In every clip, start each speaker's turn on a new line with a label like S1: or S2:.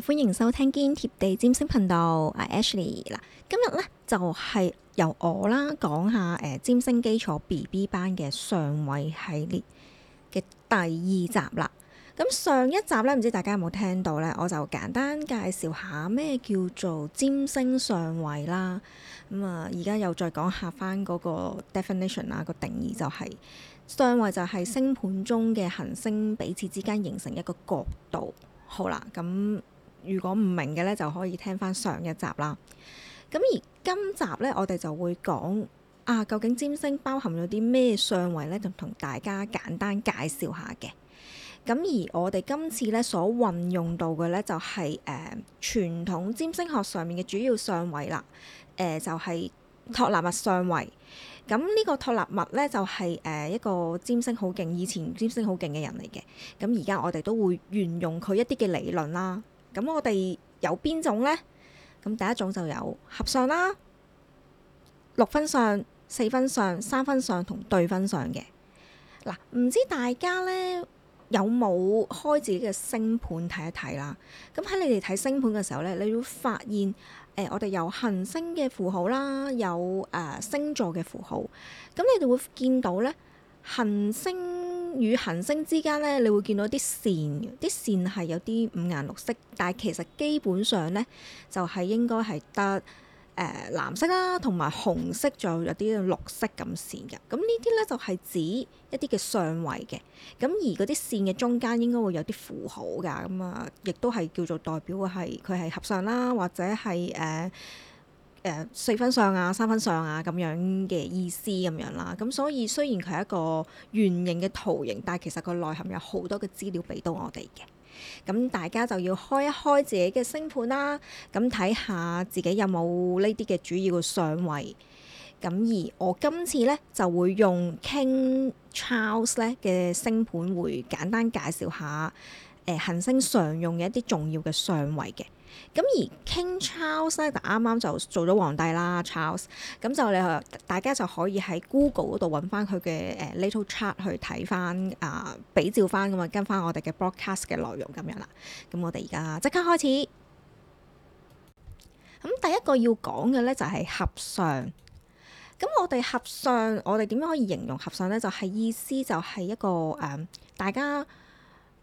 S1: 歡迎收聽堅貼地占星頻道，阿 Ashley 嗱，今日咧就係、是、由我啦講下誒占、呃、星基礎 B B 班嘅相位系列嘅第二集啦。咁上一集咧，唔知大家有冇聽到咧，我就簡單介紹下咩叫做占星相位啦。咁、嗯、啊，而、呃、家又再講下翻嗰個 definition 啦，個定義就係、是、相位就係星盤中嘅行星彼此之間形成一個角度。好啦，咁、嗯。如果唔明嘅咧，就可以聽翻上一集啦。咁而今集咧，我哋就會講啊，究竟占星包含咗啲咩相位咧，就同大家簡單介紹下嘅。咁而我哋今次咧所運用到嘅咧、就是，就係誒傳統占星學上面嘅主要相位啦。誒、呃、就係、是、托納物相位。咁、呃、呢、這個托納物咧，就係、是、誒、呃、一個占星好勁、以前占星好勁嘅人嚟嘅。咁而家我哋都會沿用佢一啲嘅理論啦。咁我哋有邊種呢？咁第一種就有合相啦，六分相、四分相、三分相同對分相嘅。嗱、啊，唔知大家呢有冇開自己嘅星盤睇一睇啦？咁喺你哋睇星盤嘅時候呢，你會發現誒、呃，我哋有行星嘅符號啦，有誒、呃、星座嘅符號。咁你哋會見到呢行星與行星之間呢，你會見到啲線嘅，啲線係有啲五顏六色，但係其實基本上呢，就係、是、應該係得誒、呃、藍色啦，同埋紅色，就有啲綠色咁線嘅。咁呢啲呢，就係、是、指一啲嘅相位嘅。咁而嗰啲線嘅中間應該會有啲符號㗎，咁啊，亦都係叫做代表係佢係合相啦，或者係誒。呃誒四分相啊，三分相啊，咁樣嘅意思咁樣啦。咁所以雖然佢係一個圓形嘅圖形，但係其實佢內含有好多嘅資料俾到我哋嘅。咁大家就要開一開自己嘅星盤啦，咁睇下自己有冇呢啲嘅主要嘅相位。咁而我今次呢，就會用 King Charles 咧嘅星盤，會簡單介紹下誒、呃、行星常用嘅一啲重要嘅相位嘅。咁而 King Charles 咧，就啱啱就做咗皇帝啦，Charles。咁就你大家就可以喺 Google 嗰度揾翻佢嘅、uh, 誒 little chart 去睇翻啊，uh, 比照翻咁啊，跟翻我哋嘅 broadcast 嘅內容咁樣啦。咁我哋而家即刻開始。咁第一個要講嘅咧就係、是、合相。咁我哋合相，我哋點樣可以形容合相咧？就係、是、意思就係一個誒、嗯，大家。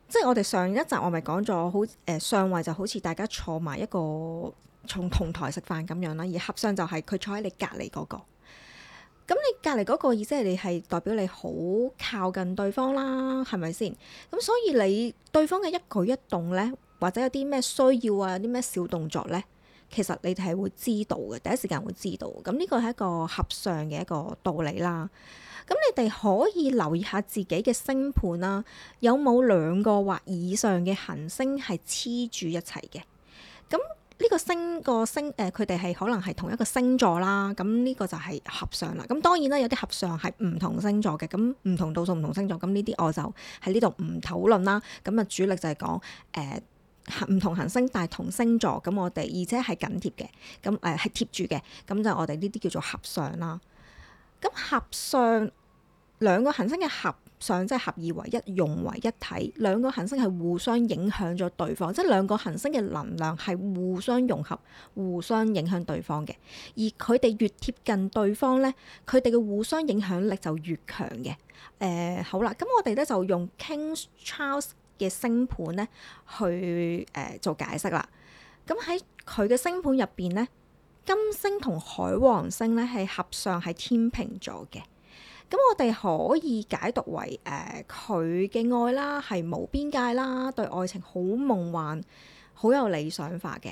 S1: 即係我哋上一集我咪講咗，好，呃，相位就好似大家坐埋一個從同台食飯咁樣啦，而合相就係佢坐喺你隔離嗰個。咁你隔離嗰個意思係你係代表你好靠近對方啦，係咪先？咁所以你對方嘅一舉一動咧，或者有啲咩需要啊，有啲咩小動作咧？其實你哋係會知道嘅，第一時間會知道。咁呢個係一個合相嘅一個道理啦。咁你哋可以留意下自己嘅星盤啦，有冇兩個或以上嘅行星係黐住一齊嘅？咁呢個星個星誒，佢哋係可能係同一個星座啦。咁呢個就係合相啦。咁當然啦，有啲合相係唔同星座嘅，咁唔同度數唔同星座。咁呢啲我就喺呢度唔討論啦。咁啊主力就係講誒。呃唔同行星，但係同星座咁，我哋而且係緊貼嘅，咁誒係貼住嘅，咁就我哋呢啲叫做合相啦。咁合相兩個行星嘅合相，即係合二為一，融為一體。兩個行星係互相影響咗對方，即係兩個行星嘅能量係互相融合、互相影響對方嘅。而佢哋越貼近對方咧，佢哋嘅互相影響力就越強嘅。誒好啦，咁我哋咧就用 King Charles。嘅星盤咧，去誒、呃、做解釋啦。咁喺佢嘅星盤入邊咧，金星同海王星咧係合相喺天秤座嘅。咁、嗯、我哋可以解讀為誒，佢、呃、嘅愛啦係無邊界啦，對愛情好夢幻，好有理想化嘅。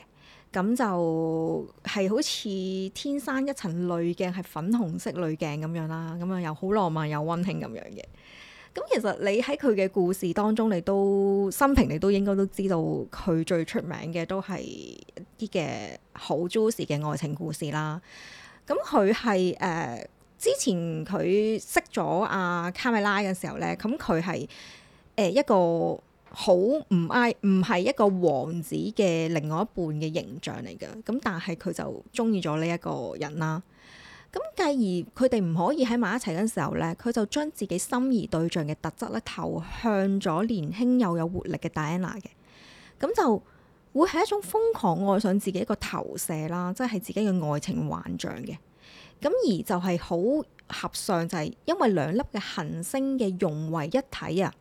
S1: 咁、嗯、就係好似天生一層濾鏡，係粉紅色濾鏡咁樣啦。咁啊又好浪漫又溫馨咁樣嘅。咁其實你喺佢嘅故事當中，你都心平，你都應該都知道佢最出名嘅都係啲嘅好 juicy 嘅愛情故事啦。咁佢係誒之前佢識咗阿卡米拉嘅時候咧，咁佢係誒一個好唔愛唔係一個王子嘅另外一半嘅形象嚟嘅，咁、嗯、但係佢就中意咗呢一個人啦。咁繼而佢哋唔可以喺埋一齊嗰陣時候呢，佢就將自己心儀對象嘅特質咧投向咗年輕又有活力嘅 Diana 嘅，咁就會係一種瘋狂愛上自己一個投射啦，即係自己嘅愛情幻象嘅。咁而就係好合相，就係因為兩粒嘅行星嘅融為一體啊。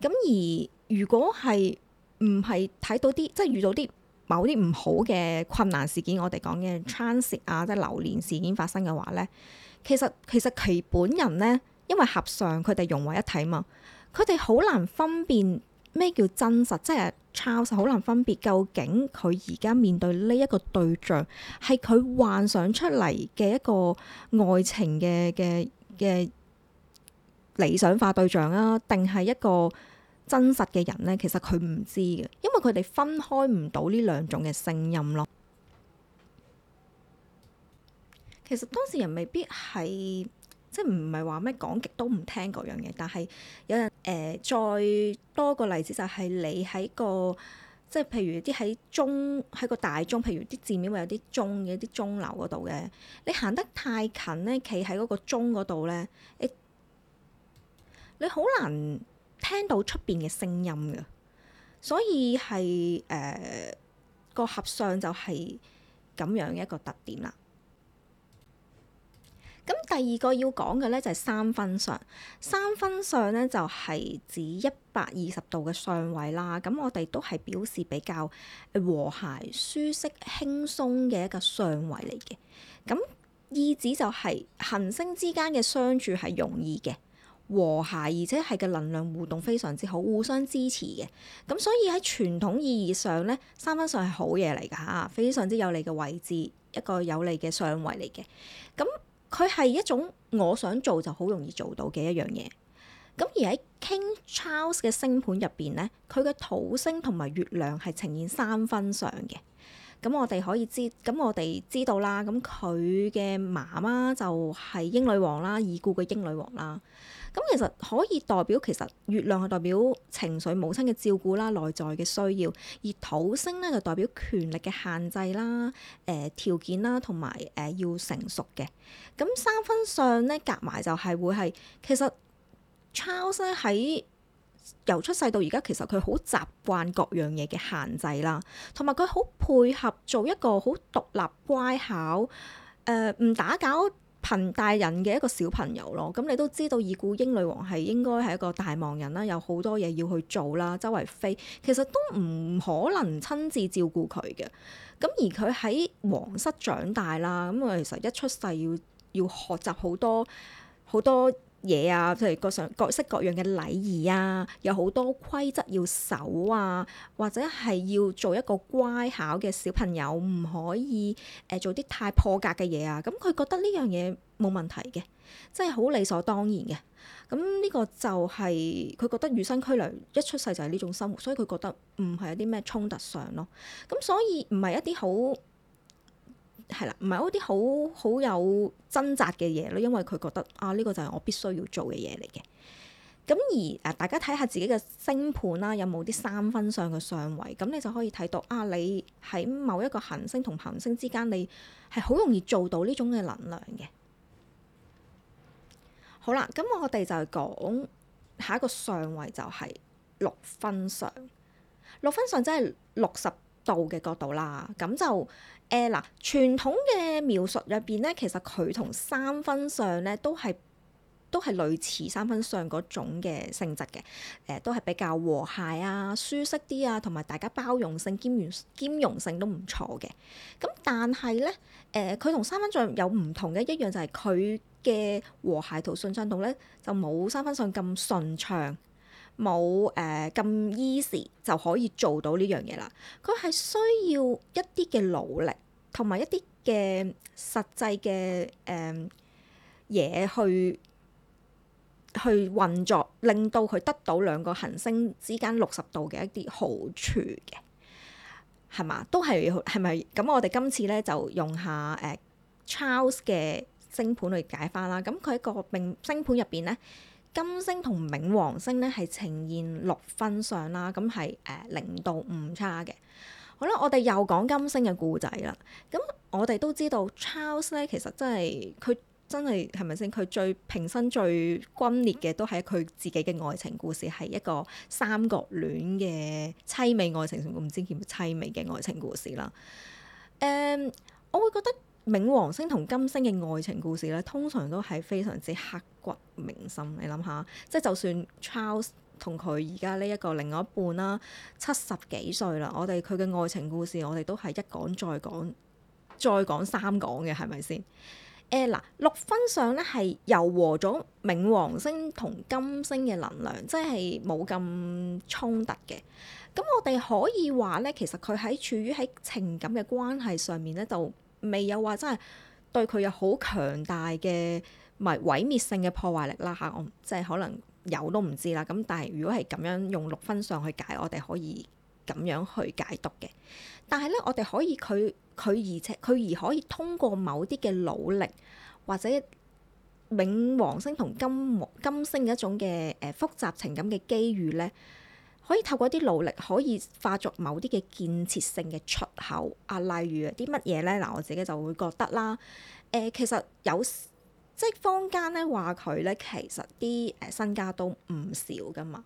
S1: 咁而如果係唔係睇到啲，即係遇到啲。某啲唔好嘅困難事件，我哋講嘅 transit 啊，即係流年事件發生嘅話呢，其實其實其本人呢，因為合上佢哋融為一體嘛，佢哋好難分辨咩叫真實，即係抄實，好難分辨究竟佢而家面對呢一個對象係佢幻想出嚟嘅一個愛情嘅嘅嘅理想化對象啊，定係一個。真實嘅人咧，其實佢唔知嘅，因為佢哋分開唔到呢兩種嘅聲音咯。其實當事人未必係即係唔係話咩講極都唔聽嗰樣嘢，但係有人誒、呃、再多個例子就係你喺個即係譬如啲喺鐘喺個大鐘，譬如啲寺廟會有啲鐘嘅啲鐘樓嗰度嘅，你行得太近咧，企喺嗰個鐘嗰度咧，你你好難，聽到出面嘅聲音嘅，所以係誒個合相就係咁樣一個特點啦。咁第二個要講嘅咧就係三分相，三分相咧就係指一百二十度嘅相位啦。咁我哋都係表示比較和諧、舒適、輕鬆嘅一個相位嚟嘅。咁意指就係行星之間嘅相處係容易嘅。和諧，而且係嘅能量互動非常之好，互相支持嘅。咁所以喺傳統意義上咧，三分相係好嘢嚟㗎嚇，非常之有利嘅位置，一個有利嘅相位嚟嘅。咁佢係一種我想做就好容易做到嘅一樣嘢。咁而喺 King Charles 嘅星盤入邊咧，佢嘅土星同埋月亮係呈現三分相嘅。咁我哋可以知，咁我哋知道啦。咁佢嘅媽媽就係英女王啦，已故嘅英女王啦。咁其實可以代表其實月亮係代表情緒母親嘅照顧啦，內在嘅需要。而土星咧就代表權力嘅限制啦，誒、呃、條件啦，同埋誒要成熟嘅。咁三分相咧，夾埋就係會係其實 Charles 咧喺。由出世到而家，其實佢好習慣各樣嘢嘅限制啦，同埋佢好配合做一個好獨立乖巧，誒、呃、唔打攪貧大人嘅一個小朋友咯。咁你都知道，已故英女王係應該係一個大忙人啦，有好多嘢要去做啦，周圍飛，其實都唔可能親自照顧佢嘅。咁而佢喺皇室長大啦，咁其實一出世要要學習好多好多。嘢啊，譬如各上各式各樣嘅禮儀啊，有好多規則要守啊，或者係要做一個乖巧嘅小朋友，唔可以誒做啲太破格嘅嘢啊。咁、嗯、佢覺得呢樣嘢冇問題嘅，即係好理所當然嘅。咁、嗯、呢、呢個就係、是，佢覺得與生俱來一出世就係呢種生活，所以佢覺得唔係一啲咩衝突上咯。咁、嗯、所以唔係一啲好。係啦，唔係嗰啲好好有掙扎嘅嘢咯，因為佢覺得啊，呢個就係我必須要做嘅嘢嚟嘅。咁而誒，大家睇下自己嘅星盤啦，有冇啲三分相嘅相位？咁你就可以睇到啊，你喺某一個行星同行星之間，你係好容易做到呢種嘅能量嘅。好啦，咁我哋就係講下一個相位，就係六分相。六分相真係六十度嘅角度啦，咁就。誒嗱、呃，傳統嘅描述入邊咧，其實佢同三分相咧都係都係類似三分相嗰種嘅性質嘅。誒、呃，都係比較和諧啊、舒適啲啊，同埋大家包容性兼容兼容性都唔錯嘅。咁但係咧，誒佢同三分相有唔同嘅一樣就係佢嘅和諧同順暢度咧，就冇三分相咁順暢。冇誒咁 easy 就可以做到呢樣嘢啦。佢係需要一啲嘅努力同埋一啲嘅實際嘅誒嘢去去運作，令到佢得到兩個行星之間六十度嘅一啲好處嘅，係嘛？都係係咪？咁我哋今次咧就用下誒、啊、Charles 嘅星盤去解翻啦。咁佢一個命星盤入邊咧。金星同冥王星咧，係呈現六分相啦，咁係誒零度誤差嘅。好啦，我哋又講金星嘅故仔啦。咁我哋都知道 Charles 咧，其實真係佢真係係咪先？佢最平生最轟烈嘅都係佢自己嘅愛情故事，係一個三角戀嘅淒美愛情，唔知叫唔叫悽美嘅愛情故事啦。誒、嗯，我會覺得。冥王星同金星嘅愛情故事咧，通常都係非常之刻骨銘心。你諗下，即係就算 Charles 同佢而家呢一個另外一半啦，七十幾歲啦，我哋佢嘅愛情故事，我哋都係一講再講，再講三講嘅，係咪先？誒嗱，六分相咧係柔和咗冥王星同金星嘅能量，即係冇咁衝突嘅。咁我哋可以話咧，其實佢喺處於喺情感嘅關係上面咧就……未有話真係對佢有好強大嘅咪毀滅性嘅破壞力啦嚇，我即係可能有都唔知啦。咁但係如果係咁樣用六分上去解，我哋可以咁樣去解讀嘅。但係咧，我哋可以佢佢而且佢而可以通過某啲嘅努力，或者冥王星同金金星嘅一種嘅誒複雜情感嘅機遇咧。可以透過一啲努力，可以化作某啲嘅建設性嘅出口啊。例如啲乜嘢咧？嗱，我自己就會覺得啦。誒、呃，其實有即坊間咧話佢咧，其實啲誒身家都唔少噶嘛。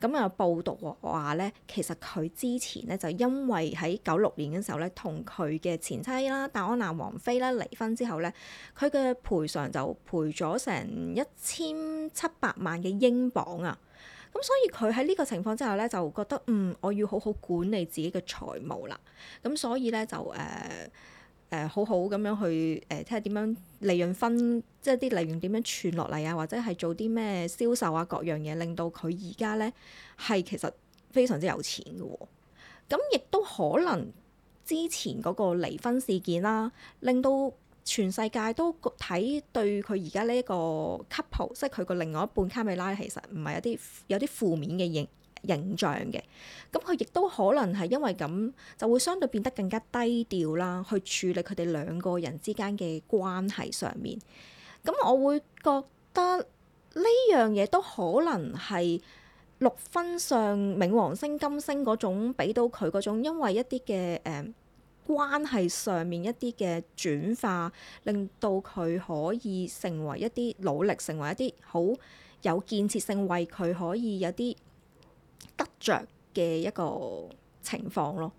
S1: 咁又報道話咧，其實佢之前咧就因為喺九六年嘅時候咧，同佢嘅前妻啦，戴安娜王妃咧離婚之後咧，佢嘅賠償就賠咗成一千七百萬嘅英鎊啊！咁、嗯、所以佢喺呢個情況之下咧，就覺得嗯，我要好好管理自己嘅財務啦。咁所以咧就誒誒、呃呃、好好咁樣去誒睇、呃、下點樣利潤分，即係啲利潤點樣傳落嚟啊，或者係做啲咩銷售啊，各樣嘢令到佢而家咧係其實非常之有錢嘅。咁亦都可能之前嗰個離婚事件啦，令到。全世界都睇對佢而家呢一個 couple，即係佢個另外一半卡美拉，其實唔係有啲有啲負面嘅形形象嘅。咁佢亦都可能係因為咁，就會相對變得更加低調啦，去處理佢哋兩個人之間嘅關係上面。咁我會覺得呢樣嘢都可能係六分上冥王星金星嗰種，俾到佢嗰種，因為一啲嘅誒。嗯關係上面一啲嘅轉化，令到佢可以成為一啲努力，成為一啲好有建設性，為佢可以有啲得着嘅一個情況咯。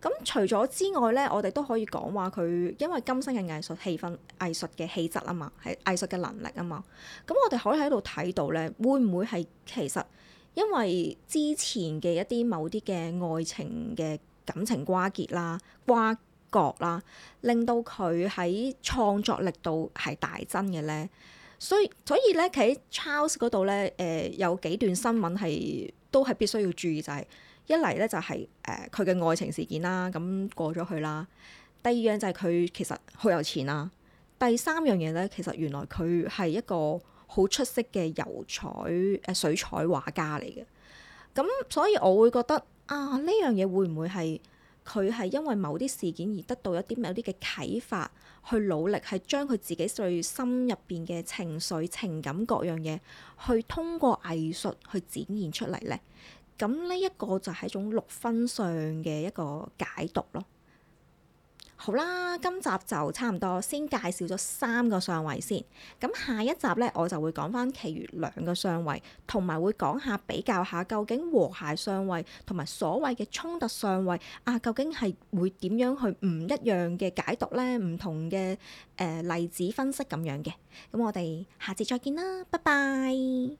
S1: 咁、嗯、除咗之外咧，我哋都可以講話佢，因為今生嘅藝術氣氛、藝術嘅氣質啊嘛，係藝術嘅能力啊嘛。咁我哋可以喺度睇到咧，會唔會係其實因為之前嘅一啲某啲嘅愛情嘅？感情瓜結啦、瓜葛啦，令到佢喺創作力度係大增嘅咧。所以所以咧佢喺 Charles 嗰度咧，誒、呃、有幾段新聞係都係必須要注意，就係、是、一嚟咧就係誒佢嘅愛情事件啦，咁、嗯、過咗去啦。第二樣就係佢其實好有錢啦。第三樣嘢咧，其實原來佢係一個好出色嘅油彩誒、呃、水彩畫家嚟嘅。咁、嗯、所以我會覺得。啊！呢樣嘢會唔會係，佢係因為某啲事件而得到一啲有啲嘅啟發，去努力係將佢自己最心入邊嘅情緒情感各樣嘢，去通過藝術去展現出嚟咧？咁呢一個就係一種六分相嘅一個解讀咯。好啦，今集就差唔多，先介紹咗三個相位先。咁下一集呢，我就會講返其餘兩個相位，同埋會講下比較下，究竟和諧相位同埋所謂嘅衝突相位啊，究竟係會點樣去唔一樣嘅解讀呢？唔同嘅誒、呃、例子分析咁樣嘅。咁我哋下次再見啦，拜拜。